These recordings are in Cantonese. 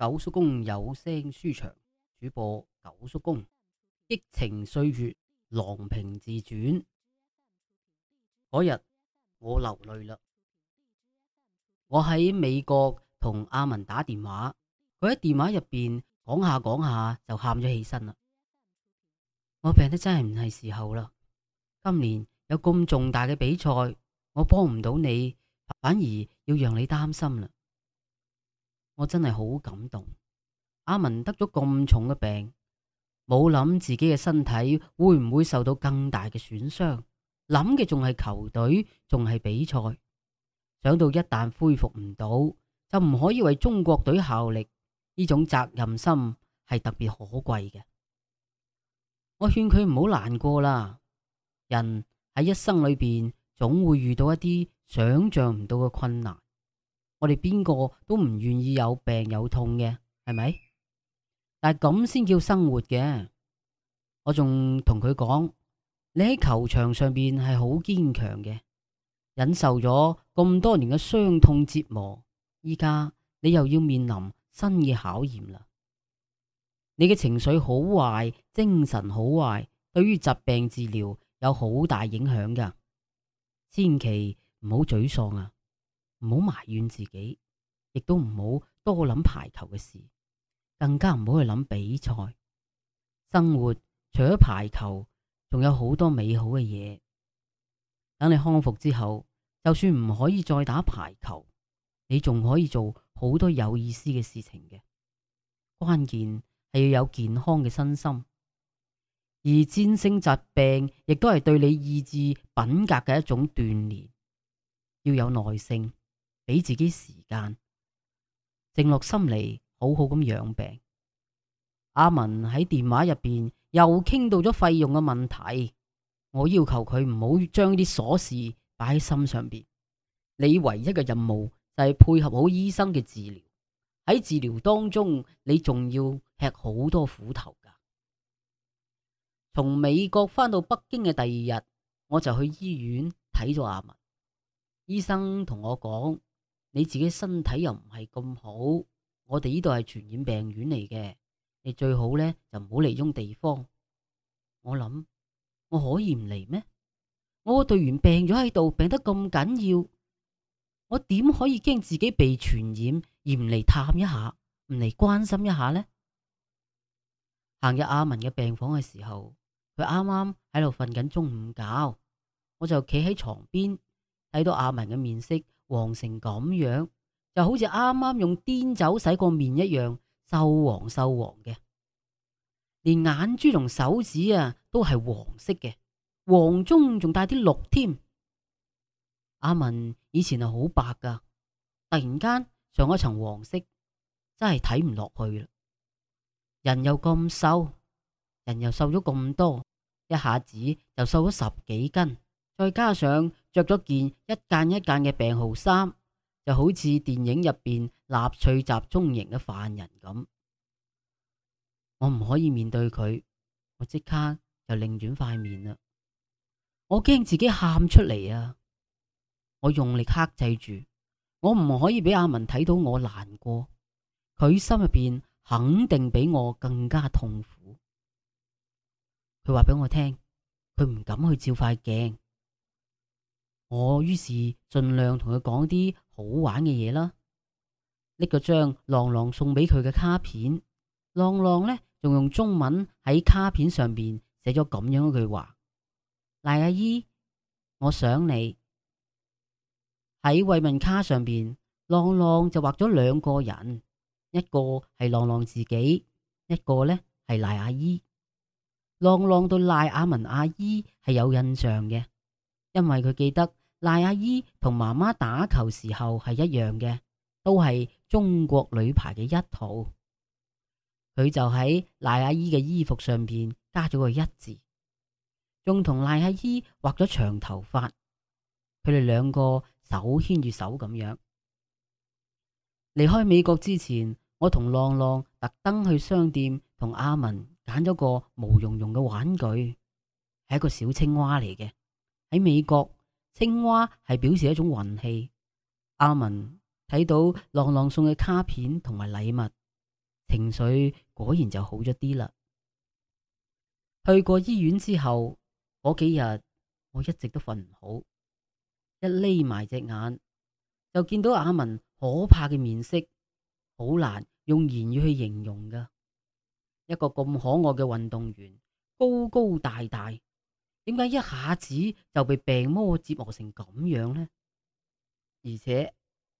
九叔公有聲書場主播九叔公。激情歲月，郎平自傳。嗰日我流淚啦，我喺美國同阿文打電話，佢喺電話入邊講下講下就喊咗起身啦。我病得真係唔係時候啦，今年有咁重大嘅比賽，我幫唔到你，反而要讓你擔心啦。我真係好感動，阿文得咗咁重嘅病，冇諗自己嘅身體會唔會受到更大嘅損傷，諗嘅仲係球隊，仲係比賽。想到一旦恢復唔到，就唔可以為中國隊效力，呢種責任心係特別可貴嘅。我勸佢唔好難過啦，人喺一生裏邊總會遇到一啲想象唔到嘅困難。我哋邊個都唔願意有病有痛嘅，係咪？但係咁先叫生活嘅。我仲同佢講，你喺球場上面係好堅強嘅，忍受咗咁多年嘅傷痛折磨，依家你又要面臨新嘅考驗啦。你嘅情緒好壞、精神好壞，對於疾病治療有好大影響㗎，千祈唔好沮喪啊！唔好埋怨自己，亦都唔好多諗排球嘅事，更加唔好去諗比賽。生活除咗排球，仲有好多美好嘅嘢。等你康復之後，就算唔可以再打排球，你仲可以做好多有意思嘅事情嘅。關鍵係要有健康嘅身心，而戰勝疾病亦都係對你意志品格嘅一種鍛煉，要有耐性。俾自己時間，靜落心嚟，好好咁養病。阿文喺電話入邊又傾到咗費用嘅問題，我要求佢唔好將啲瑣事擺喺心上邊。你唯一嘅任務就係配合好醫生嘅治療。喺治療當中，你仲要吃好多苦頭噶。從美國翻到北京嘅第二日，我就去醫院睇咗阿文。醫生同我講。你自己身體又唔係咁好，我哋呢度係傳染病院嚟嘅，你最好咧就唔好嚟呢種地方。我諗我可以唔嚟咩？我個隊員病咗喺度，病得咁緊要，我點可以驚自己被傳染而唔嚟探一下，唔嚟關心一下咧？行入阿文嘅病房嘅時候，佢啱啱喺度瞓緊中午覺，我就企喺床邊睇到阿文嘅面色。黃成咁樣，就好似啱啱用碘酒洗過面一樣，瘦黃瘦黃嘅，連眼珠同手指啊都係黃色嘅，黃中仲帶啲綠添。阿文以前係好白噶，突然間上一層黃色，真係睇唔落去啦。人又咁瘦，人又瘦咗咁多，一下子就瘦咗十幾斤。再加上着咗件一間一間嘅病號衫，就好似電影入邊納粹集中營嘅犯人咁。我唔可以面對佢，我即刻就擰轉塊面啦。我驚自己喊出嚟啊！我用力克制住，我唔可以俾阿文睇到我難過。佢心入邊肯定比我更加痛苦。佢話俾我聽，佢唔敢去照塊鏡。我於是盡量同佢講啲好玩嘅嘢啦，搦個張浪浪送俾佢嘅卡片，浪浪呢仲用中文喺卡片上邊寫咗咁樣一句話：賴阿姨，我想你。喺慰問卡上邊，浪浪就畫咗兩個人，一個係浪浪自己，一個呢係賴阿姨。浪浪對賴亞文阿姨係有印象嘅，因為佢記得。賴阿姨同媽媽打球時候係一樣嘅，都係中國女排嘅一套。佢就喺賴阿姨嘅衣服上邊加咗個一字，仲同賴阿姨畫咗長頭髮，佢哋兩個手牽住手咁樣。離開美國之前，我同浪浪特登去商店同阿文揀咗個毛茸茸嘅玩具，係一個小青蛙嚟嘅。喺美國。青蛙係表示一種運氣。阿文睇到浪浪送嘅卡片同埋禮物，情緒果然就好咗啲啦。去過醫院之後，嗰幾日我一直都瞓唔好，一眯埋隻眼就見到阿文可怕嘅面色，好難用言語去形容噶。一個咁可愛嘅運動員，高高大大。點解一下子就被病魔折磨成咁樣呢？而且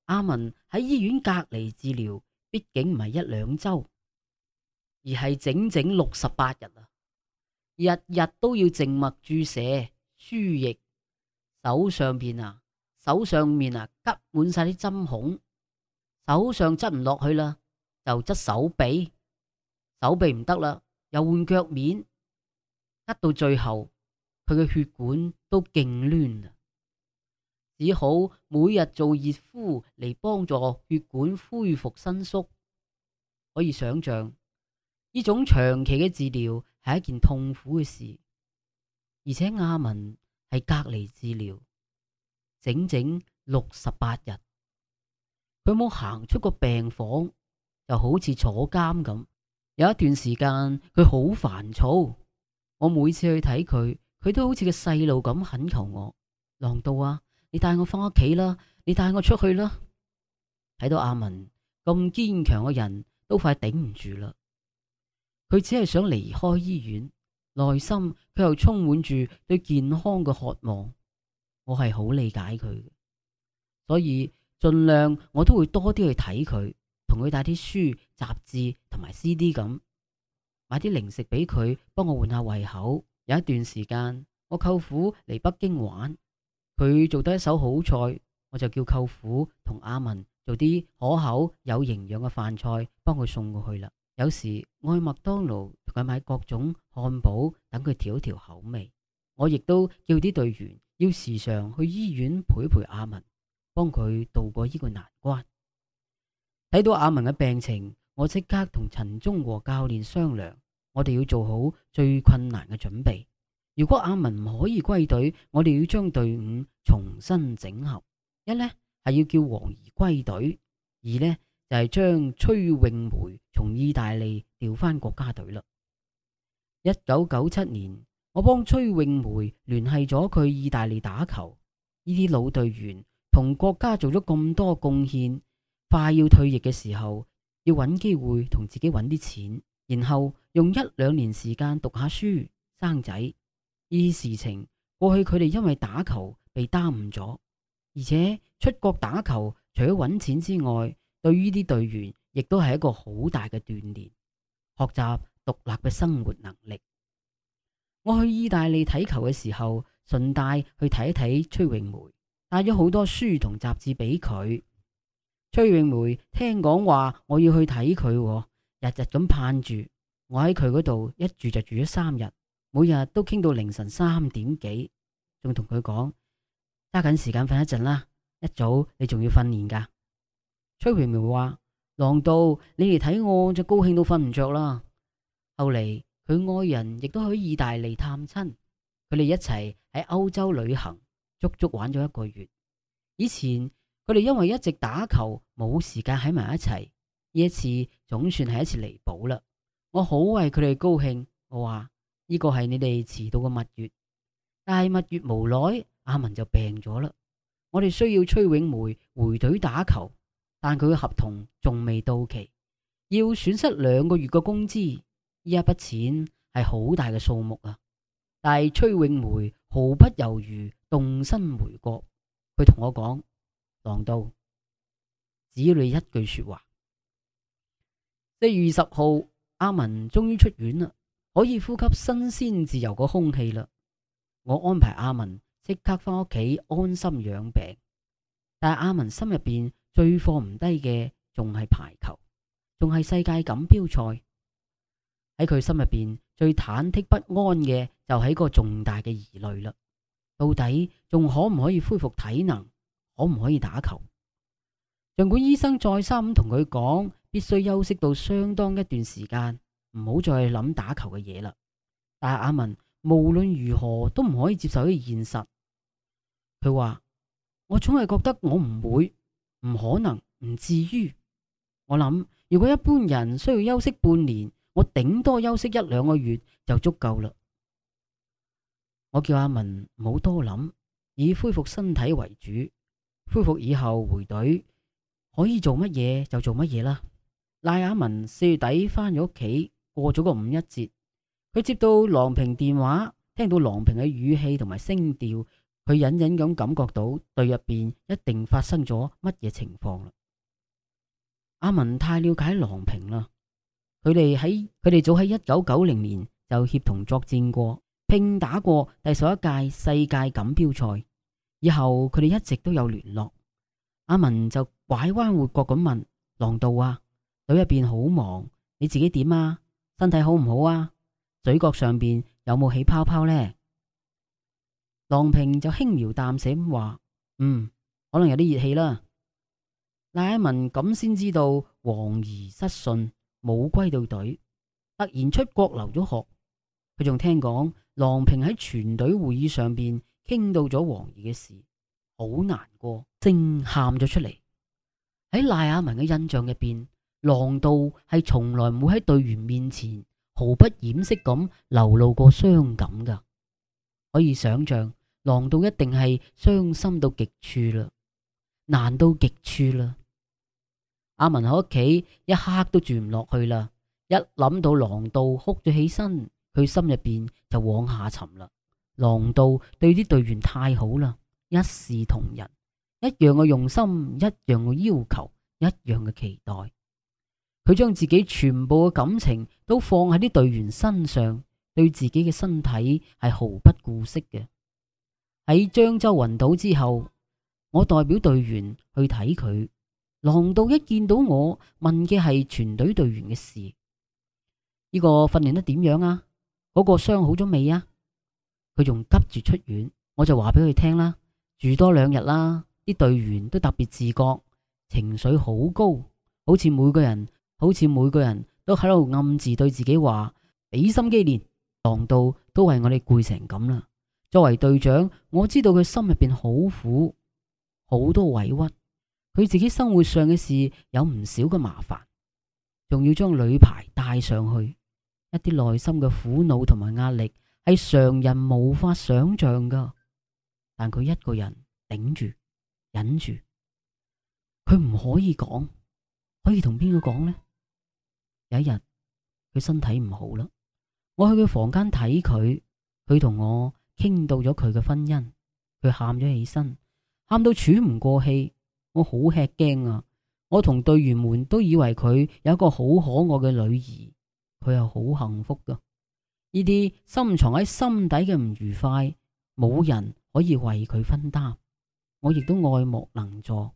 阿文喺醫院隔離治療，畢竟唔係一兩周，而係整整六十八日啊！日日都要靜脈注射輸液，手上邊啊，手上面啊，吉滿晒啲針孔，手上執唔落去啦，就執手臂，手臂唔得啦，又換腳面，一到最後。佢嘅血管都痙攣啊，只好每日做熱敷嚟幫助血管恢復伸縮。可以想象呢種長期嘅治療係一件痛苦嘅事，而且亞文係隔離治療，整整六十八日，佢冇行出個病房，就好似坐監咁。有一段時間佢好煩躁，我每次去睇佢，佢都好似個細路咁懇求我，郎導啊，你帶我返屋企啦，你帶我出去啦。睇到阿文咁堅強嘅人都快頂唔住啦，佢只係想離開醫院，內心佢又充滿住對健康嘅渴望。我係好理解佢嘅，所以盡量我都會多啲去睇佢，同佢帶啲書、雜誌同埋 CD 咁，買啲零食俾佢，幫我換下胃口。有一段時間，我舅父嚟北京玩，佢做得一手好菜，我就叫舅父同阿文做啲可口、有營養嘅飯菜，幫佢送過去啦。有時我去麥當勞同佢買各種漢堡，等佢調一調口味。我亦都叫啲隊員要時常去醫院陪陪阿文，幫佢度過呢個難關。睇到阿文嘅病情，我即刻同陳忠和教練商量。我哋要做好最困難嘅準備。如果阿文唔可以歸隊，我哋要將隊伍重新整合。一呢係要叫王怡歸隊，二呢就係、是、將崔詠梅從意大利調翻國家隊啦。一九九七年，我幫崔詠梅聯繫咗佢意大利打球。呢啲老隊員同國家做咗咁多貢獻，快要退役嘅時候，要搵機會同自己搵啲錢，然後，用一兩年時間讀下書生仔呢事情過去，佢哋因為打球被耽誤咗，而且出國打球除咗揾錢之外，對於啲隊員亦都係一個好大嘅鍛煉，學習獨立嘅生活能力。我去意大利睇球嘅時候，順帶去睇一睇崔永梅，帶咗好多書同雜誌俾佢。崔永梅聽講話我要去睇佢，哦，日日咁盼住。我喺佢嗰度一住就住咗三日，每日都傾到凌晨三點幾，仲同佢講揸緊時間瞓一陣啦。一早你仲要訓練噶？崔詠梅話：郎導，你嚟睇我就高興到瞓唔着啦。後嚟佢愛人亦都去意大利探親，佢哋一齊喺歐洲旅行，足足玩咗一個月。以前佢哋因為一直打球冇時間喺埋一齊，呢一次總算係一次彌補啦。我好為佢哋高興，我話呢個係你哋遲到嘅蜜月，但係蜜月無耐，阿文就病咗啦。我哋需要崔永梅回隊打球，但佢嘅合同仲未到期，要損失兩個月嘅工資，呢一筆錢係好大嘅數目啊！但係崔永梅毫不猶豫動身回國，佢同我講：郎導，只要你一句說話，四月十號。阿文終於出院啦，可以呼吸新鮮自由個空氣啦。我安排阿文即刻翻屋企安心養病。但係阿文心入邊最放唔低嘅，仲係排球，仲係世界錦標賽。喺佢心入邊最忐忑不安嘅，就係個重大嘅疑慮啦。到底仲可唔可以恢復體能，可唔可以打球？盡管醫生再三同佢講。必須休息到相當一段時間，唔好再諗打球嘅嘢啦。但係阿文無論如何都唔可以接受呢個現實。佢話：我總係覺得我唔會，唔可能，唔至於。我諗如果一般人需要休息半年，我頂多休息一兩個月就足夠啦。我叫阿文唔好多諗，以恢復身體為主。恢復以後回隊，可以做乜嘢就做乜嘢啦。賴亞文四月底翻咗屋企，過咗個五一節。佢接到郎平電話，聽到郎平嘅語氣同埋聲調，佢隱隱咁感覺到隊入邊一定發生咗乜嘢情況啦。亞文太了解郎平啦，佢哋喺佢哋早喺一九九零年就協同作戰過，拼打過第十一屆世界錦標賽，以後佢哋一直都有聯絡。亞文就拐彎抹角咁問郎導啊。隊入邊好忙，你自己點啊？身體好唔好啊？嘴角上邊有冇起泡泡呢？郎平就輕描淡寫咁話：嗯，可能有啲熱氣啦。賴亞文咁先知道黃怡失信冇歸到隊，突然出國留咗學。佢仲聽講，郎平喺全隊會議上邊傾到咗黃怡嘅事，好難過，正喊咗出嚟。喺賴亞文嘅印象入邊。郎導係從來冇喺隊員面前毫不掩飾咁流露過傷感噶，可以想象郎導一定係傷心到極處啦，難到極處啦。阿文喺屋企一刻都住唔落去啦，一諗到郎導哭咗起身，佢心入面就往下沉啦。郎導對啲隊員太好啦，一視同仁，一樣嘅用心，一樣嘅要求，一樣嘅期待。佢將自己全部嘅感情都放喺啲隊員身上，對自己嘅身體係毫不顧惜嘅。喺漳州暈倒之後，我代表隊員去睇佢。郎導一見到我，問嘅係全隊隊員嘅事：呢、這個訓練得點樣啊？嗰、那個傷好咗未啊？佢仲急住出院，我就話俾佢聽啦，住多兩日啦。啲隊員都特別自覺，情緒好高，好似每個人。好似每個人都喺度暗自對自己話：俾心機練，郎導都係我哋攰成咁啦。作為隊長，我知道佢心入邊好苦，好多委屈。佢自己生活上嘅事有唔少嘅麻煩，仲要將女排帶上去，一啲內心嘅苦惱同埋壓力係常人無法想象噶。但佢一個人頂住、忍住，佢唔可以講，可以同邊個講呢？有一日，佢身體唔好啦，我去佢房間睇佢，佢同我傾到咗佢嘅婚姻，佢喊咗起身，喊到喘唔過氣，我好吃驚啊！我同隊員們都以為佢有一個好可愛嘅女兒，佢又好幸福㗎，呢啲深藏喺心底嘅唔愉快，冇人可以為佢分擔，我亦都愛莫能助。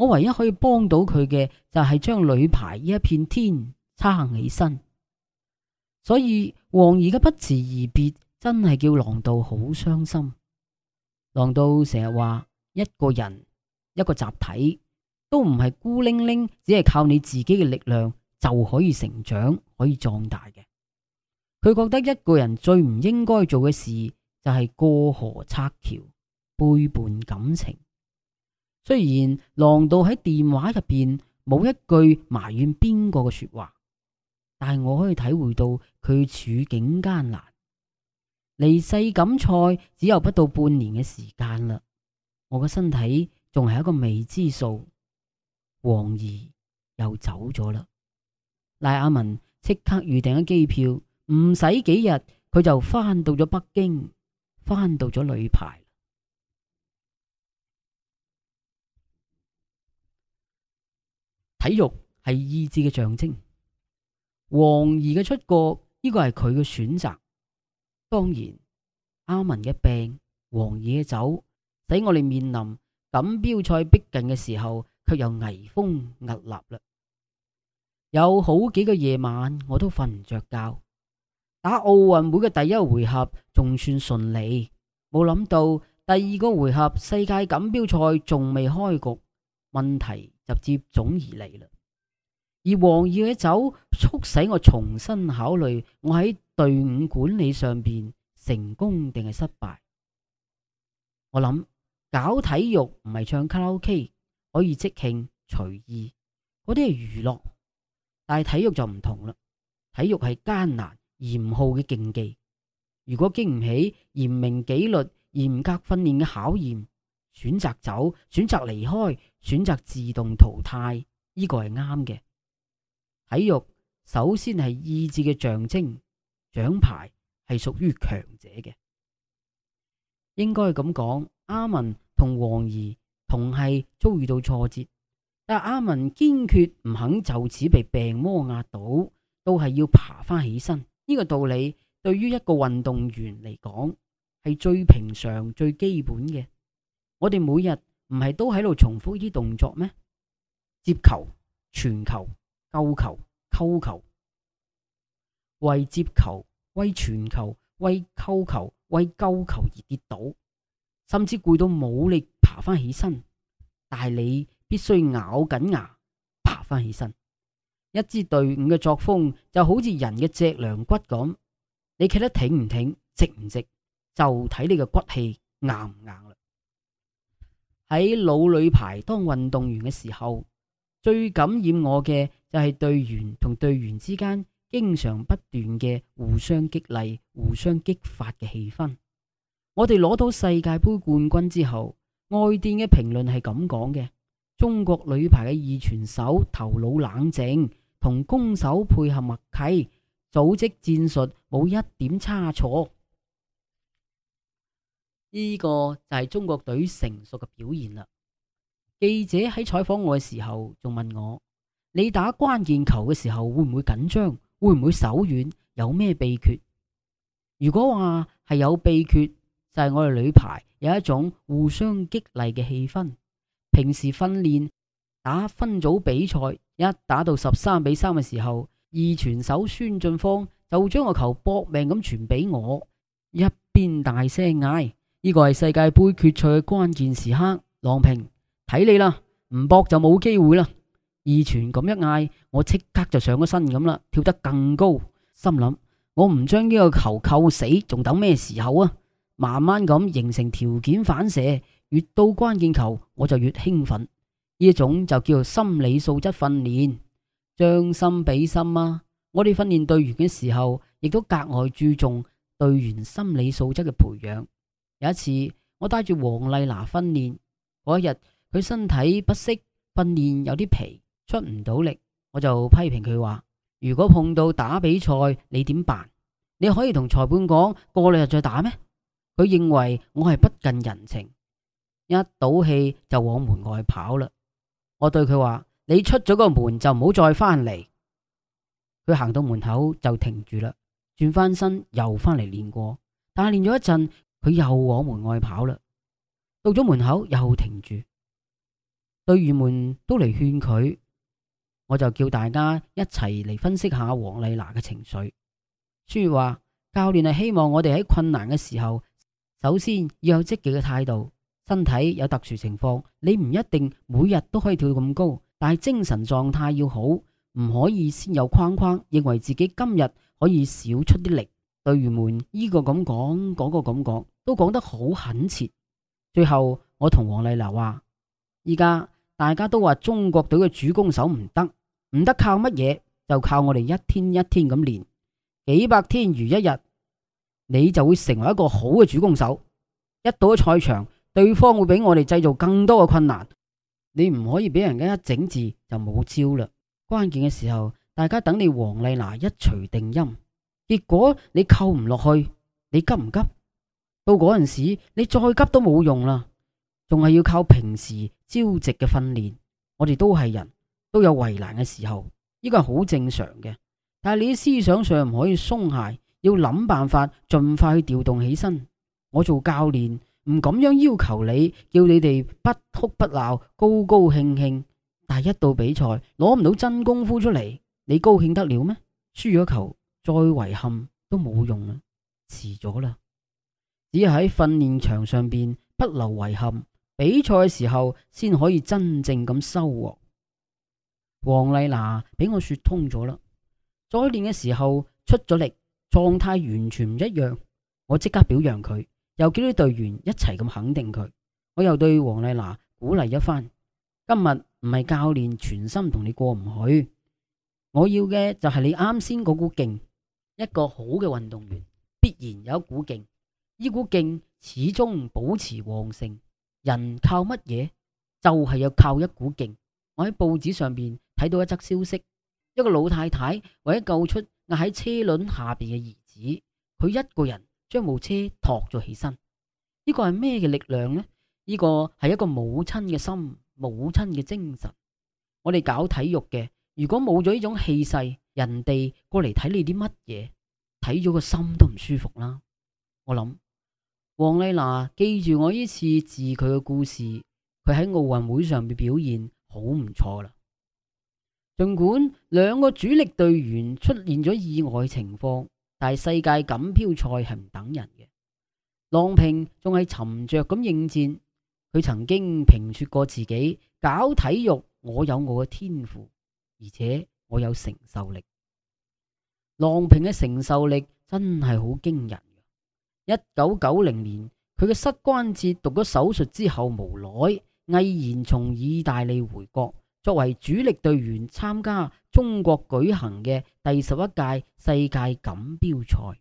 我唯一可以幫到佢嘅，就係將女排呢一片天撐起身，所以王怡嘅不辭而別真係叫郎導好傷心。郎導成日話一個人一個集體都唔係孤零零，只係靠你自己嘅力量就可以成長可以壯大嘅。佢覺得一個人最唔應該做嘅事就係過河拆橋，背叛感情。雖然郎導喺電話入邊冇一句埋怨邊個嘅說話，但係我可以體會到佢處境艱難。離世錦賽只有不到半年嘅時間啦，我嘅身體仲係一個未知數。王怡又走咗啦，賴亞文即刻預訂咗機票，唔使幾日佢就返到咗北京，返到咗女排。體育係意志嘅象徵，王兒嘅出國呢個係佢嘅選擇。當然，阿文嘅病，王兒嘅走，使我哋面臨錦標賽逼近嘅時候，卻又危峰壓立嘞。有好幾個夜晚，我都瞓唔着覺。打奧運會嘅第一回合仲算順利，冇諗到第二個回合，世界錦標賽仲未開局，問題就接踵而嚟啦，而黃耀嘅走促使我重新考慮我喺隊伍管理上邊成功定係失敗。我諗搞體育唔係唱卡拉 OK 可以即興隨意，嗰啲係娛樂，但係體育就唔同啦。體育係艱難嚴酷嘅競技，如果經唔起嚴明紀律、嚴格訓練嘅考驗，選擇走，選擇離開。選擇自動淘汰，呢個係啱嘅。體育首先係意志嘅象徵，獎牌係屬於強者嘅。應該咁講，阿文同王儀同係遭遇到挫折，但阿文堅決唔肯就此被病魔壓倒，都係要爬翻起身。呢個道理對於一個運動員嚟講係最平常、最基本嘅。我哋每日，唔係都喺度重複呢啲動作咩？接球、傳球、救球、扣球、為接球、為傳球、為扣球、為救球而跌倒，甚至攰到冇力爬翻起身。但係你必須咬緊牙爬翻起身。一支隊伍嘅作風就好似人嘅脊梁骨咁，你企得挺唔挺、直唔直，就睇你嘅骨氣硬唔硬啦。喺老女排當運動員嘅時候，最感染我嘅就係隊員同隊員之間經常不斷嘅互相激勵、互相激發嘅氣氛。我哋攞到世界杯冠軍之後，外電嘅評論係咁講嘅：中國女排嘅二傳手頭腦冷靜，同攻手配合默契，組織戰術冇一點差錯。呢個就係中國隊成熟嘅表現啦。記者喺採訪我嘅時候，仲問我：你打關鍵球嘅時候會唔會緊張？會唔會手軟？有咩秘訣？如果話係有秘訣，就係、是、我哋女排有一種互相激勵嘅氣氛。平時訓練打分組比賽，一打到十三比三嘅時候，二傳手孫晉芳就將個球搏命咁傳俾我，一邊大聲嗌。呢個係世界盃決賽嘅關鍵時刻，郎平睇你啦，唔搏就冇機會啦。二傳咁一嗌，我即刻就上咗身咁啦，跳得更高。心諗我唔將呢個球扣死，仲等咩時候啊？慢慢咁形成條件反射，越到關鍵球我就越興奮。呢一種就叫做心理素質訓練，將心比心啊！我哋訓練隊員嘅時候，亦都格外注重隊員心理素質嘅培養。有一次我帶，我帶住黃麗娜訓練嗰一日，佢身體不適，訓練有啲疲，出唔到力，我就批評佢話：如果碰到打比賽，你點辦？你可以同裁判講，過兩日再打咩？佢認為我係不近人情，一賭氣就往門外跑啦。我對佢話：你出咗個門就唔好再翻嚟。佢行到門口就停住啦，轉翻身又翻嚟練過，但係練咗一陣。佢又往門外跑啦，到咗門口又停住，隊員們都嚟勸佢，我就叫大家一齊嚟分析下黃麗娜嘅情緒。書月話：教練係希望我哋喺困難嘅時候，首先要有積極嘅態度。身體有特殊情況，你唔一定每日都可以跳咁高，但係精神狀態要好，唔可以先有框框，認為自己今日可以少出啲力。隊員們依個咁講，嗰個咁講，都講得好懇切。最後我同王麗娜話：依家大家都話中國隊嘅主攻手唔得，唔得靠乜嘢，就靠我哋一天一天咁練，幾百天如一日，你就會成為一個好嘅主攻手。一到咗賽場，對方會俾我哋製造更多嘅困難，你唔可以俾人家一整治就冇招啦。關鍵嘅時候，大家等你王麗娜一錘定音。結果你扣唔落去，你急唔急？到嗰陣時，你再急都冇用啦，仲係要靠平時朝夕嘅訓練。我哋都係人，都有為難嘅時候，呢個係好正常嘅。但係你思想上唔可以鬆懈，要諗辦法盡快去調動起身。我做教練唔咁樣要求你，要你哋不哭不鬧，高高興興。但係一到比賽，攞唔到真功夫出嚟，你高興得了咩？輸咗球。再遺憾都冇用啦，遲咗啦。只係喺訓練場上邊不留遺憾，比賽嘅時候先可以真正咁收穫。王麗娜俾我說通咗啦，再練嘅時候出咗力，狀態完全唔一樣。我即刻表揚佢，又叫啲隊員一齊咁肯定佢。我又對王麗娜鼓勵一番：今日唔係教練全心同你過唔去，我要嘅就係你啱先嗰股勁。一個好嘅運動員必然有一股勁，呢股勁始終保持旺盛。人靠乜嘢？就係要靠一股勁。我喺報紙上邊睇到一則消息，一個老太太為咗救出壓喺車輪下邊嘅兒子，佢一個人將部車托咗起身。呢個係咩嘅力量呢？呢個係一個母親嘅心，母親嘅精神。我哋搞體育嘅，如果冇咗呢種氣勢。人哋過嚟睇你啲乜嘢，睇咗個心都唔舒服啦。我諗王麗娜記住我呢次治佢嘅故事，佢喺奧運會上面表現好唔錯啦。儘管兩個主力隊員出現咗意外情況，但係世界錦標賽係唔等人嘅。郎平仲係沉着咁應戰。佢曾經評說過自己搞體育，我有我嘅天賦，而且。我有承受力，郎平嘅承受力真係好驚人。一九九零年，佢嘅膝關節做咗手術之後，無奈毅然從意大利回國，作為主力隊員參加中國舉行嘅第十一屆世界錦標賽。